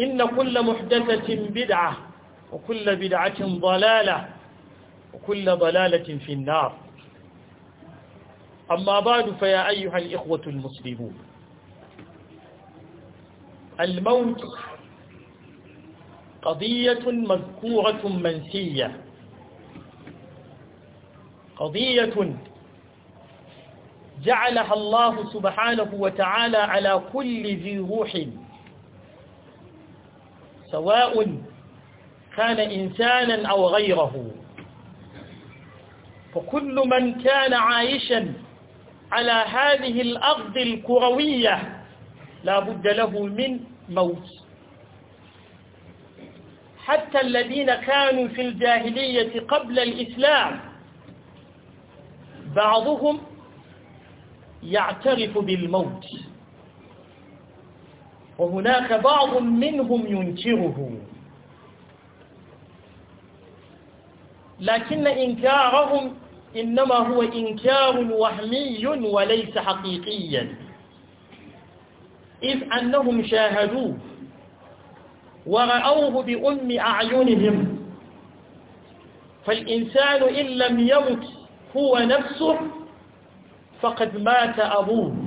إن كل محدثة بدعة وكل بدعة ضلالة وكل ضلالة في النار أما بعد فيا أيها الإخوة المسلمون الموت قضية مذكورة منسية قضية جعلها الله سبحانه وتعالى على كل ذي روح سواء كان إنسانا أو غيره فكل من كان عايشا على هذه الأرض الكروية لا بد له من موت حتى الذين كانوا في الجاهلية قبل الإسلام بعضهم يعترف بالموت وهناك بعض منهم ينكره لكن إنكارهم إنما هو إنكار وهمي وليس حقيقيا إذ أنهم شاهدوه ورأوه بأم أعينهم فالإنسان إن لم يمت هو نفسه فقد مات أبوه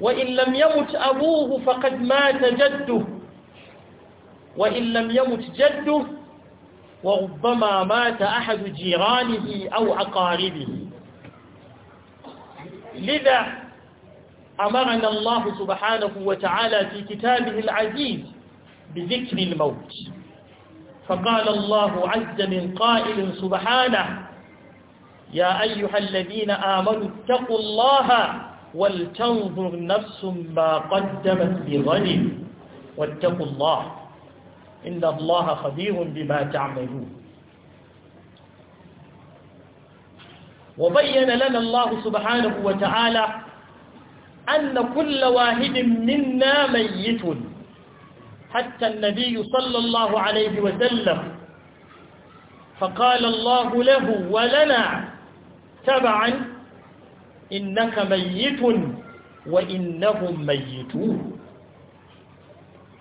وإن لم يمت أبوه فقد مات جده وإن لم يمت جده وربما مات أحد جيرانه أو أقاربه لذا أمرنا الله سبحانه وتعالى في كتابه العزيز بذكر الموت فقال الله عز من قائل سبحانه يا أيها الذين آمنوا اتقوا الله ولتنظر نفس ما قدمت بغد واتقوا الله إن الله خبير بما تعملون وبين لنا الله سبحانه وتعالى أن كل واحد منا ميت حتى النبي صلى الله عليه وسلم فقال الله له ولنا تبعا إنك ميت وإنهم ميتون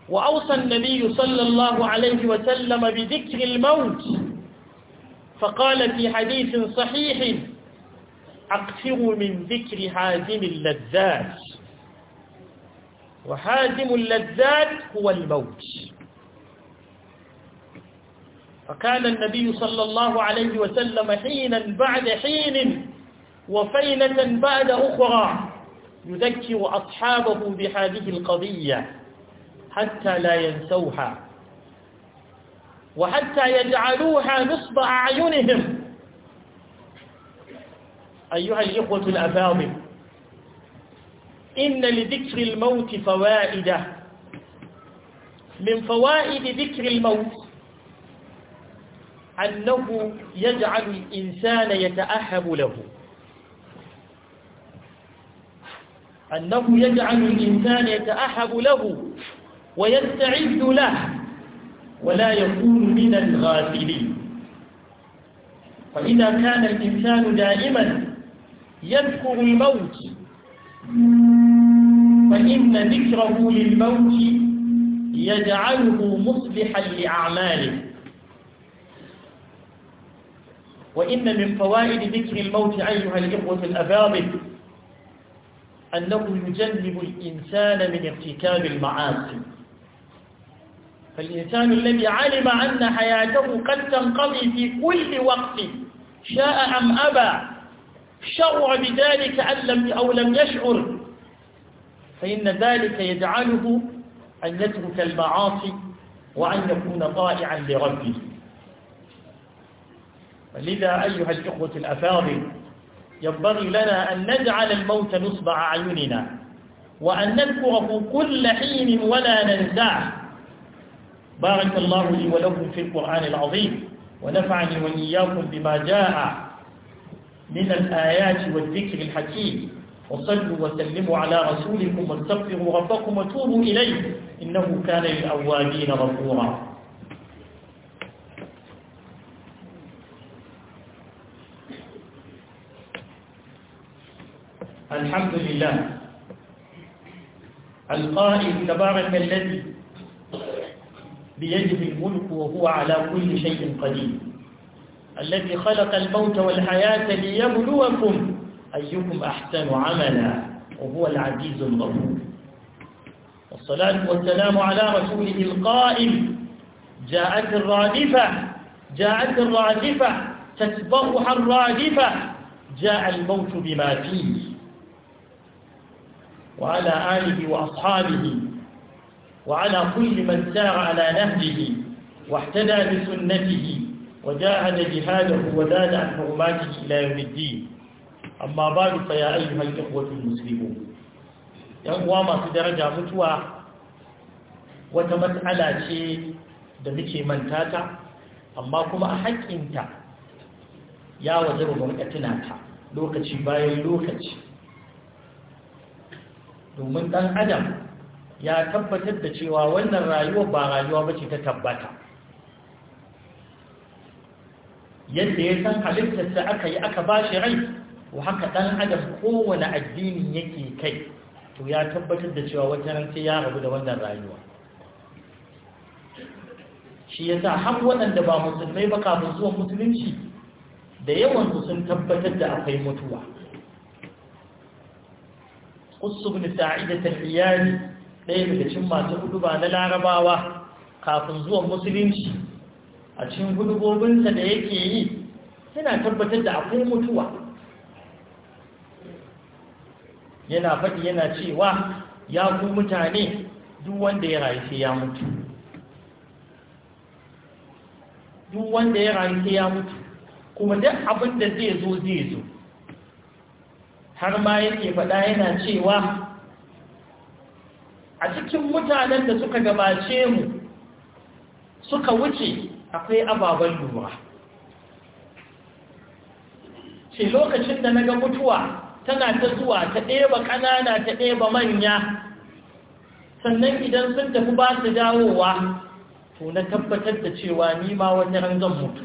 وأوصى النبي صلى الله عليه وسلم بذكر الموت فقال في حديث صحيح أكثروا من ذكر هادم اللذات وهادم اللذات هو الموت فكان النبي صلى الله عليه وسلم حينا بعد حين وفيلة بعد أخرى يذكر أصحابه بهذه القضية حتى لا ينسوها وحتى يجعلوها نصب أعينهم أيها الإخوة الأفاضل إن لذكر الموت فوائد من فوائد ذكر الموت أنه يجعل الإنسان يتأهب له أنه يجعل الإنسان يتأحب له ويستعد له ولا يكون من الغافلين فإذا كان الإنسان دائما يذكر الموت فإن ذكره للموت يجعله مصلحا لأعماله وإن من فوائد ذكر الموت أيها الإخوة الأفاضل أنه يجنب الإنسان من ارتكاب المعاصي فالإنسان الذي علم أن حياته قد تنقضي في كل وقت شاء أم أبى شرع بذلك أن لم أو لم يشعر فإن ذلك يجعله أن يترك المعاصي وأن يكون طائعا لربه ولذا أيها الإخوة الأفاضل ينبغي لنا أن نجعل الموت نصب أعيننا وأن نذكره كل حين ولا ننساه بارك الله لي ولكم في القرآن العظيم ونفعني وإياكم بما جاء من الآيات والذكر الحكيم وصلوا وسلموا على رسولكم واستغفروا ربكم وتوبوا إليه إنه كان للأوابين غفورا الحمد لله القائل تبارك الذي بيده الملك وهو على كل شيء قدير الذي خلق الموت والحياة ليبلوكم أيكم أحسن عملا وهو العزيز الغفور والصلاة والسلام على رسوله القائل جاءت الرادفة جاءت الرادفة تتبعها الرادفة جاء الموت بما فيه وعلى آله وأصحابه وعلى كل من سار على نهجه واحتدى بسنته وجاهد جهاده وزاد عن حرماته إلى يوم الدين أما بعد فيا أيها الإخوة المسلمون يقوى ما درجة متوى وتمسألة شيء da muke manta ta amma kuma a haƙƙinta ya waje ba mu tuna ta lokaci bayan lokaci domin ɗan adam ya tabbatar da cewa wannan rayuwa ba rayuwa ba ce ta tabbata yadda ya san halittar da aka yi aka ba shi rai wa haka ɗan adam kowane addini yake kai to ya tabbatar da cewa wata sai ya rabu da wannan rayuwa shi ya sa har waɗanda ba musulmai ba kafin zuwan musulunci da yawansu sun tabbatar da akwai mutuwa قص بن ta ɗaya daga cikin masu ba na larabawa kafin zuwan musulunci a cikin hudubobinsa da yake yi yana tabbatar da akwai mutuwa yana faɗi yana cewa ya ku mutane duk wanda ya rayu sai ya mutu duk wanda ya rayu sai ya mutu kuma duk abin da zai zo zai zo har ma yake faɗa yana cewa a cikin mutanen da suka gabace mu suka wuce akwai ababen lura ce lokacin da na ga mutuwa tana ta zuwa ta ɗeba ƙanana ta ɗeba manya sannan idan sun tafi ba su dawowa to na tabbatar da cewa ni ma wani zan mutu